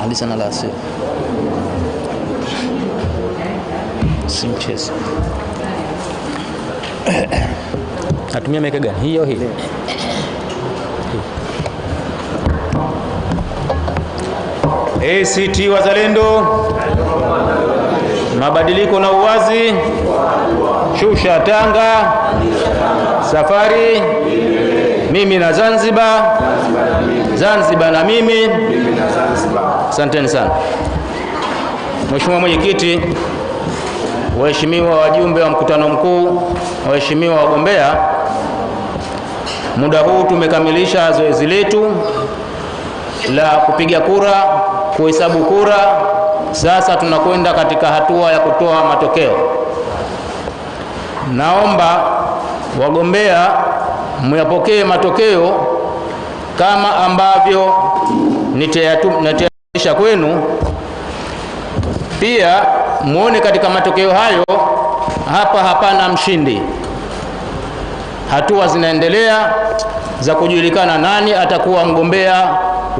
tunamaliza na la sivyo si atumia Natumia meka gani? Hiyo hii. ACT Wazalendo, mabadiliko na uwazi, shusha tanga, safari mimi na Zanzibar, Zanzibar na mimi, mimi na Zanzibar. Asanteni sana. Mheshimiwa Mwenyekiti, waheshimiwa wajumbe wa mkutano mkuu, waheshimiwa wagombea, muda huu tumekamilisha zoezi letu la kupiga kura, kuhesabu kura. Sasa tunakwenda katika hatua ya kutoa matokeo. Naomba wagombea muyapokee matokeo kama ambavyo nitayatuma kuisha kwenu, pia muone katika matokeo hayo, hapa hapana mshindi. Hatua zinaendelea za kujulikana nani atakuwa mgombea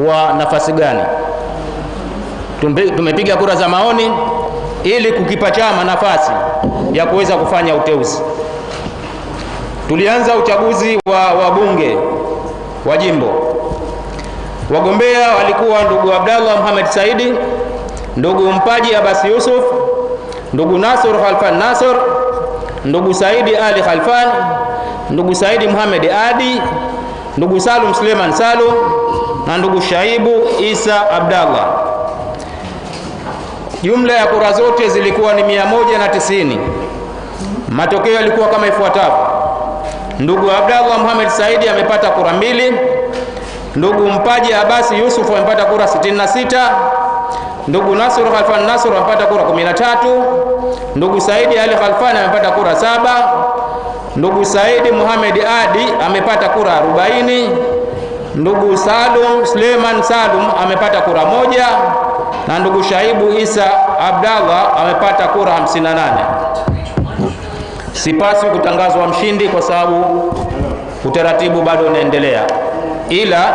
wa nafasi gani. Tumepiga kura za maoni ili kukipa chama nafasi ya kuweza kufanya uteuzi. Tulianza uchaguzi wa wabunge wa jimbo Wagombea walikuwa ndugu Abdallah Muhammad Saidi, ndugu Mpaji Abasi Yusuf, ndugu Nasor Khalfan Nasor, ndugu Saidi Ali Khalfan, ndugu Saidi Muhammad Adi, ndugu Salum Suleiman Salum na ndugu Shaibu Isa Abdallah. Jumla ya kura zote zilikuwa ni 190. Matokeo yalikuwa kama ifuatavyo: ndugu Abdallah Muhammad Saidi amepata kura mbili ndugu mpaji Abasi yusuf amepata kura 66 ndugu Nasr Khalfan Nasr amepata kura 13 ndugu Saidi Ali Khalfan amepata kura saba ndugu Saidi Muhamed Adi amepata kura 40 ndugu Salum Suleiman Salum amepata kura moja na ndugu Shaibu Isa Abdallah amepata kura 58. Sipasi kutangazwa mshindi kwa sababu utaratibu bado unaendelea ila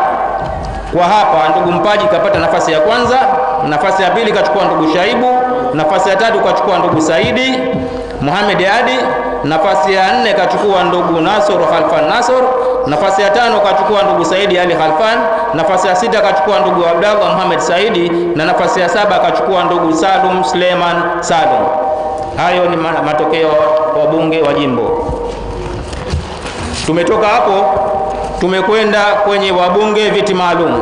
kwa hapa ndugu Mpaji kapata nafasi ya kwanza, nafasi ya pili kachukua ndugu Shaibu, nafasi ya tatu kachukua ndugu Saidi Muhamed Adi, nafasi ya nne kachukua ndugu Nasor Khalfan Nasor, nafasi ya tano kachukua ndugu Saidi Ali Khalfan, nafasi ya sita kachukua ndugu Abdallah Muhamed Saidi na nafasi ya saba kachukua ndugu Salum Suleiman Salum. Hayo ni matokeo wabunge wa jimbo. Tumetoka hapo tumekwenda kwenye wabunge viti maalum.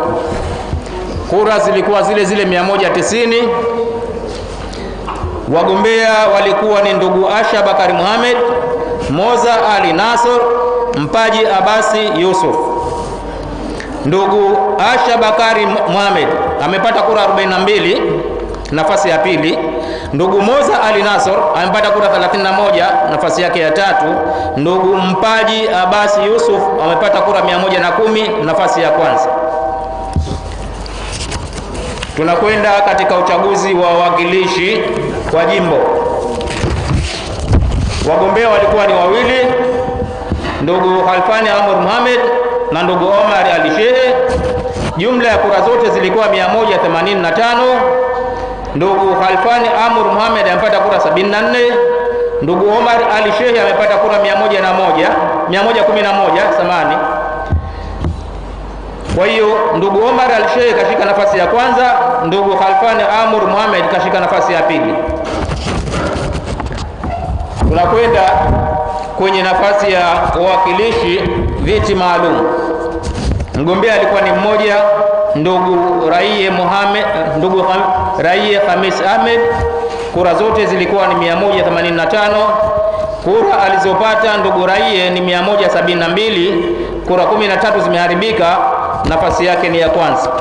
Kura zilikuwa zile zile 190. Wagombea walikuwa ni ndugu Asha Bakari Muhamed, Moza Ali Nasor, Mpaji Abasi Yusuf. Ndugu Asha Bakari Muhamed amepata kura 42, nafasi ya pili. Ndugu moza Ali Nasor amepata kura 31, nafasi yake ya tatu. Ndugu Mpaji Abasi Yusuf amepata kura 110, nafasi ya kwanza. Tunakwenda katika uchaguzi wa wawakilishi kwa jimbo. Wagombea walikuwa ni wawili, ndugu Khalfani Amur Muhamed na ndugu Omar Ali Shehe. Jumla ya kura zote zilikuwa 185 ndugu Khalfani Amur Muhamed amepata kura 74, ndugu Omar Ali Shehi amepata kura 101, 111 samani. Kwa hiyo ndugu Omar Ali Shehi kashika nafasi ya kwanza, ndugu Khalfani Amur Muhamed kashika nafasi ya pili. Tunakwenda kwenye nafasi ya wawakilishi viti maalum. Mgombea alikuwa ni mmoja ndugu Raiye Mohamed, ndugu raie Khamis Ahmed. Kura zote zilikuwa ni 185. Kura alizopata ndugu Raiye ni 172. Kura 13 zimeharibika. Nafasi yake ni ya kwanza.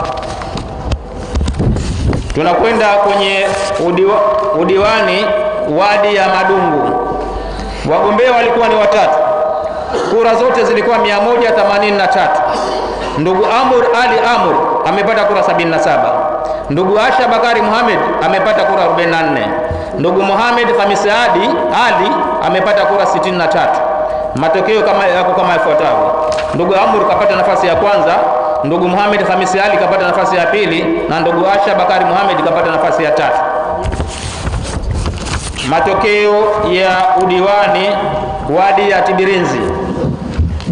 Tunakwenda kwenye udiwa, udiwani wadi ya Madungu. Wagombea walikuwa ni watatu. Kura zote zilikuwa 183 ndugu Amur Ali Amur amepata kura 77, ndugu Asha Bakari Muhamed amepata kura 44, ndugu Muhamed Khamisi Adi Ali amepata kura 63. Matokeo kama yako kama ifuatavyo: ndugu Amur kapata nafasi ya kwanza, ndugu Muhamed Khamisi Ali kapata nafasi ya pili, na ndugu Asha Bakari Muhamed kapata nafasi ya tatu. Matokeo ya udiwani wadi ya Tibirinzi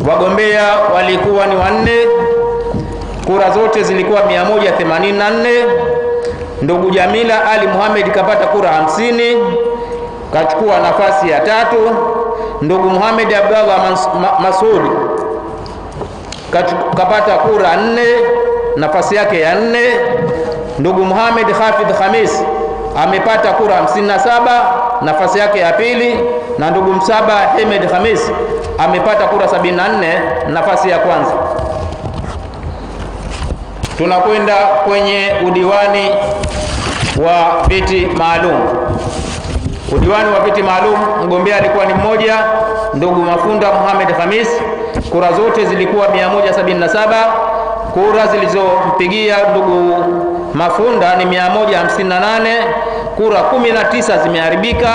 wagombea walikuwa ni wanne kura zote zilikuwa 184. Ndugu Jamila Ali Muhamed kapata kura 50, kachukua nafasi ya tatu. Ndugu Muhamed Abdallah Masud kapata kura nne, nafasi yake ya nne. Ndugu Muhamed Hafidh Khamis amepata kura 57, nafasi yake ya pili, na ndugu Msaba Hemed Khamis amepata kura 74, nafasi ya kwanza tunakwenda kwenye udiwani wa viti maalum. Udiwani wa viti maalum, mgombea alikuwa ni mmoja, ndugu Mafunda muhamed Khamis. Kura zote zilikuwa 177. Kura zilizompigia ndugu Mafunda ni 158. Kura 19 zimeharibika,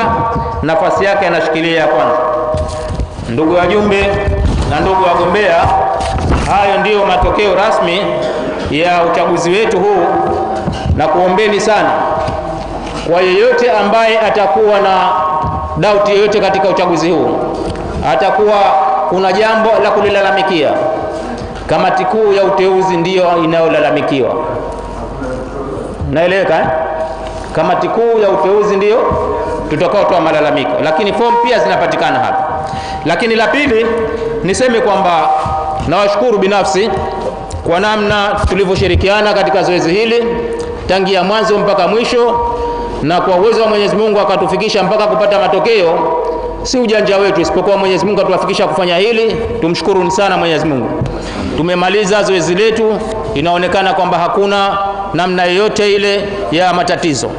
nafasi yake anashikilia ya kwanza. Ndugu wajumbe na ndugu wagombea, hayo ndiyo matokeo rasmi ya uchaguzi wetu huu, na kuombeni sana kwa yeyote ambaye atakuwa na dauti yoyote katika uchaguzi huu, atakuwa kuna jambo la kulilalamikia, kamati kuu ya uteuzi ndiyo inayolalamikiwa. Naeleweka eh? Kamati kuu ya uteuzi ndiyo tutakaotoa malalamiko, lakini fomu pia zinapatikana hapa. Lakini la pili niseme kwamba nawashukuru binafsi kwa namna tulivyoshirikiana katika zoezi hili tangia mwanzo mpaka mwisho, na kwa uwezo wa Mwenyezi Mungu akatufikisha mpaka kupata matokeo, si ujanja wetu, isipokuwa Mwenyezi Mungu atuwafikisha kufanya hili. Tumshukuru sana Mwenyezi Mungu. Tumemaliza zoezi letu, inaonekana kwamba hakuna namna yoyote ile ya matatizo.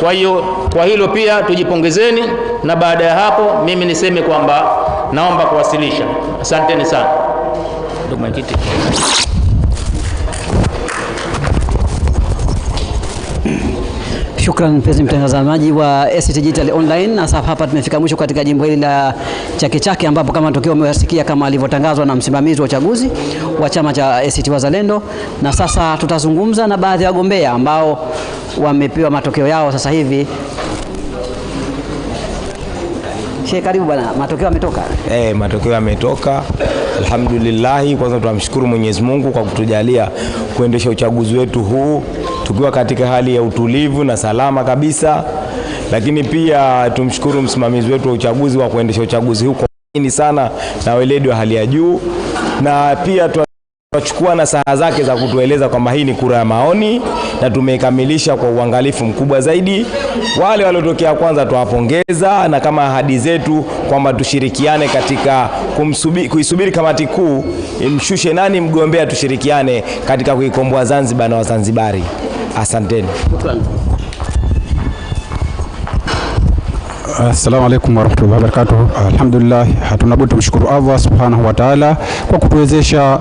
Kwa hiyo kwa hilo pia tujipongezeni, na baada ya hapo mimi niseme kwamba naomba kuwasilisha. Asanteni sana ndugu mwenyekiti. Shukran mpenzi mtangazamaji wa ACT Digital Online, na sasa hapa tumefika mwisho katika jimbo hili la Chake Chake, ambapo kama tukio umewasikia kama alivyotangazwa na msimamizi wa uchaguzi wa chama cha ACT Wazalendo. Na sasa tutazungumza na baadhi ya wagombea ambao wamepewa matokeo yao sasa hivi. Sheikh, karibu bwana, matokeo yametoka. Eh, matokeo yametoka. Alhamdulillah, kwanza tunamshukuru Mwenyezi Mungu kwa kutujalia kuendesha uchaguzi wetu huu tukiwa katika hali ya utulivu na salama kabisa. Lakini pia tumshukuru msimamizi wetu wa uchaguzi wa kuendesha uchaguzi huu kwa sana na weledi wa hali ya juu, na pia tunachukua na saha zake za kutueleza kwamba hii ni kura ya maoni na tumeikamilisha kwa uangalifu mkubwa zaidi. Wale waliotokea kwanza tuwapongeza, na kama ahadi zetu kwamba tushirikiane katika kumsubi, kuisubiri kamati kuu imshushe nani mgombea, tushirikiane katika kuikomboa Zanzibar na Wazanzibari. Asanteni. Assalamu alaikum warahmatullahi wabarakatuh. Alhamdulillah, hatuna budi tumshukuru Allah subhanahu wa ta'ala kwa kutuwezesha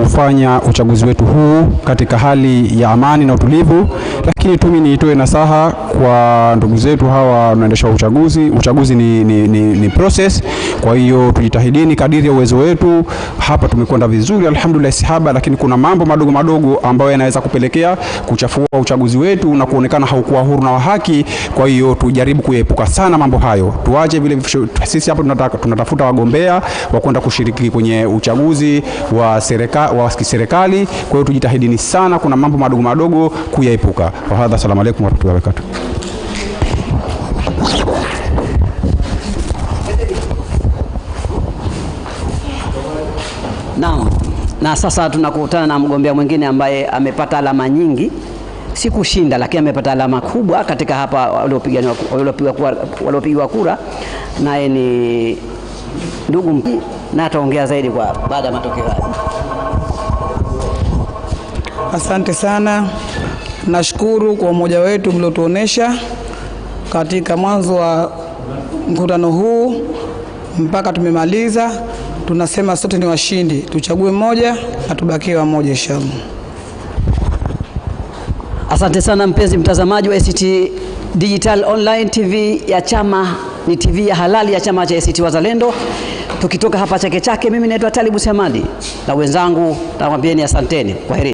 kufanya uchaguzi wetu huu katika hali ya amani na utulivu. Lakini tumi niitoe nasaha kwa ndugu zetu hawa wanaendesha uchaguzi. Uchaguzi ni, ni, ni, ni process. Kwa hiyo tujitahidini kadiri ya uwezo wetu. Hapa tumekwenda vizuri alhamdulillah sihaba, lakini kuna mambo madogo madogo ambayo yanaweza kupelekea kuchafua uchaguzi wetu na kuonekana haukuwa huru na wa haki. Kwa hiyo tujaribu kuepuka sana mambo hayo, tuache vile sisi. Hapo tunatafuta wagombea wa kwenda kushiriki kwenye uchaguzi wa serikali wa kiserikali. Kwa hiyo tujitahidini sana, kuna mambo madogo madogo kuyaepuka. hadha, asalamu alaykum warahmatullahi wabarakatuh. Naam. Na sasa tunakutana na mgombea mwingine ambaye amepata alama nyingi, si kushinda, lakini amepata alama kubwa katika hapa waliopigwa kura, naye ni ndugu, na ataongea zaidi kwa baada ya matokeo hayo. Asante sana, nashukuru kwa umoja wetu mliotuonesha katika mwanzo wa mkutano huu mpaka tumemaliza. Tunasema sote ni washindi, tuchague mmoja na tubakie wamoja inshallah. Asante sana mpenzi mtazamaji wa ACT Digital Online TV ya chama, ni TV ya halali ya chama cha ACT Wazalendo. Tukitoka hapa Chake Chake, mimi naitwa Talibu Samadi na wenzangu, nawaambieni asanteni, kwaheri.